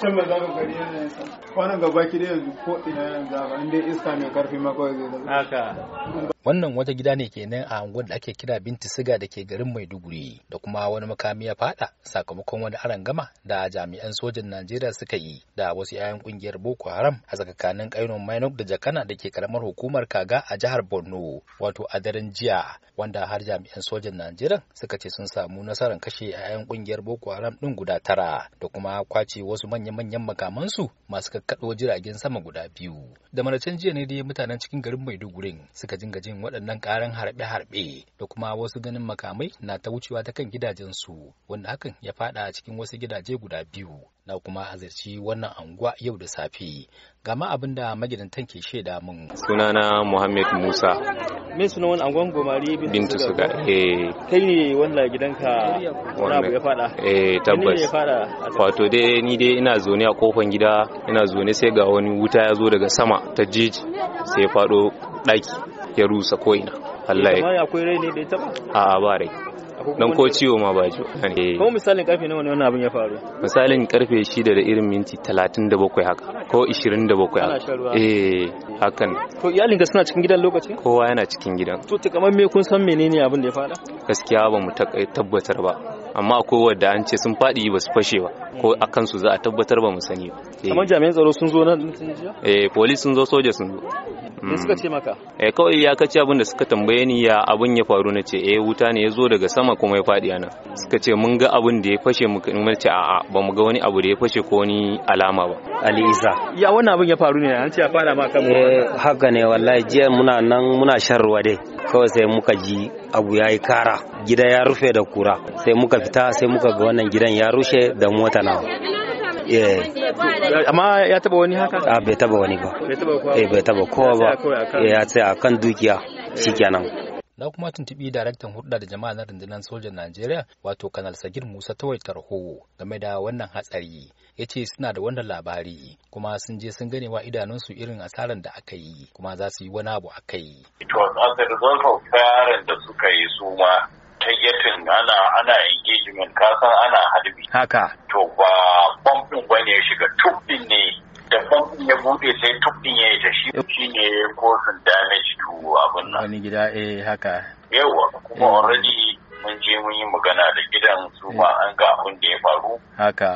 can ba za ku gari kwanan gaba ki da yanzu ko ina yanzu ba dai iska mai karfi ma kawai zai zama haka wannan wata gida ne nan a unguwar da ake kira binti siga da ke garin maiduguri da kuma wani makami ya fada sakamakon wani gama da jami'an sojan najeriya suka yi da wasu 'ya'yan kungiyar boko haram a tsakanin kainon mainok da jakana da ke karamar hukumar kaga a jihar borno wato a daren jiya wanda har jami'an sojan najeriya suka ce sun samu nasarar kashe 'ya'yan kungiyar boko haram din guda tara da kuma kwace wasu manya-manyan makamansu masu kakkaɗo jiragen sama guda biyu da maracin jiya ne dai mutanen cikin garin maiduguri suka jinga jin waɗannan ƙaran harbe-harbe da kuma wasu ganin makamai na ta wucewa ta kan gidajensu wanda hakan ya fada a cikin wasu gidaje guda biyu na kuma azirci wannan anguwa yau da safe gama abin da magidantan ke shaida mun sunana muhammed musa me suna wani anguwan gomari bintu suga eh kai ne wanda gidanka wani abu ya fada eh tabbas wato dai ni dai ina zaune a kofan gida ina zaune sai ga wani wuta ya zo daga sama ta jiji sai faɗo fado daki ya rusa ko ina Allah ya akwai rai ne da ita ba a ba rai dan ko ciwo ma ba ji eh. ko misalin karfe ne wannan abin ya faru misalin karfe 6 da irin minti 37 haka ko 27 haka eh hakan to iyalinka suna cikin gidan lokaci kowa yana cikin gidan to kamar me kun san menene abin da ya faɗa gaskiya ba mu tabbatar ba amma akwai wadda an ce sun faɗi ba su fashe ba ko a kansu za a tabbatar ba mu sani ba kamar jami'an tsaro sun zo nan eh police sun zo soja sun zo me suka ce maka mm. eh kawai ya kace abin da suka tambaye ni ya abin ya faru na ce eh wuta ne ya zo daga sama kuma ya faɗi ana suka ce mun ga abin da ya fashe mu kuma ce a'a ba mu ga wani abu da ya fashe ko ni alama ba ali isa ya wannan abin ya faru ne an ce ya fara ma kan eh, haka ne wallahi jiya muna nan muna shan ruwa dai kawai sai muka ji abu ya yi kara gida ya rufe da kura sai muka fita sai muka ga wannan gidan ya rushe da mota nawa eh. amma ya taba wani haka a ah, bai taba wani ba bai taba kowa eh, ba ya ce a kan dukiya shikenan na kuma tuntubi daraktan hulɗa da jama'a na rundunar sojan Najeriya wato Kanal Sagir Musa Tawai Tarho game da wannan hatsari ya ce suna da wannan labari kuma sun je sun gane wa idanunsu irin asaran da aka yi kuma za su yi wani abu a kai. To, as a result of da suka yi su ma ta getin ana ana engagement kasan ana harbi. Haka. To ba bombin ba ne shiga tubbin ne da bombin ya bude sai tukin ya yi ta shi ne ko sun dame abin wani gida eh haka yawa kuma eh. already mun je mun yi magana da gidan su ma eh. an ga abin da ya faru haka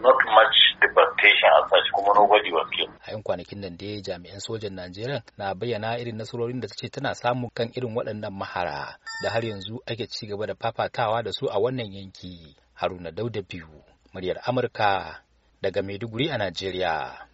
not much deportation as such kuma nobody was killed a yan kwanakin nan dai jami'an sojan Najeriya na bayyana irin nasarorin da ta ce tana samun kan irin waɗannan mahara da har yanzu ake ci gaba da fafatawa da su a wannan yanki Haruna Dauda biyu muryar Amurka daga Maiduguri a Najeriya